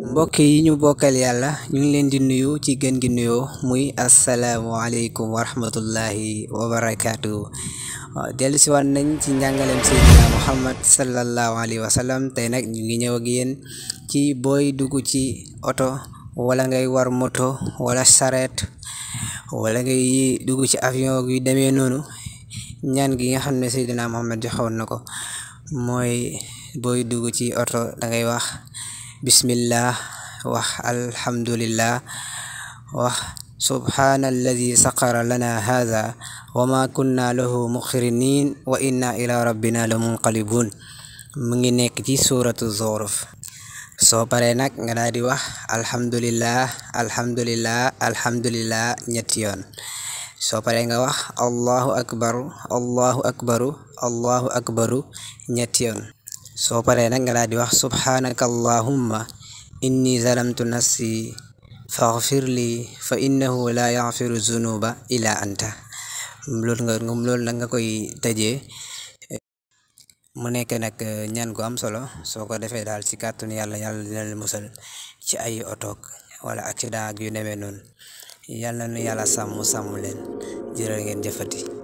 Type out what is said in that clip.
mbokk yi ñu bokkal yàlla ñu ngi leen di nuyu ci gën gi nuyoo muy asalaamualeykum wa rahmatullahi wa barakaatu si waat nañ ci njàngaleem Seydina Muhammad sallallahu alayhi wa sallam tey nag ñu ngi ñëw ak yéen ci booy dugg ci oto wala ngay war moto wala saret wala ngay dugg ci avion yu demee noonu ñaan gi nga xam ne Seydina Muhammad joxoon na ko mooy booy dugg ci oto dangay wax بسم الله والحمد لله سبحان الذي سقر لنا هذا وما كنا له مقرنين وإنا إلى ربنا لمنقلبون mu ngi سورة ci so pare nak paree nga daal di wax alhamdulillah alhamdulillah alhamdulillah ñetti yoon soo paree nga wax allahu akbaru allahu akbaru allahu akbaru ñetti yoon soo paree nag nga daal di wax subhaanaka allahumma inni zalamtu nafsi faghfir li fa innahu la yaghfiru zunuba illa anta loolu nga loolu nga koy tëjee mu nekk nag ñaan gu am solo soo ko defee daal ci kàttanu yàlla yàlla dina musal ci ay otoog wala accident ak yu demee noonu yàlla na yàlla sàmm sàmm leen jërë ngeen jëfati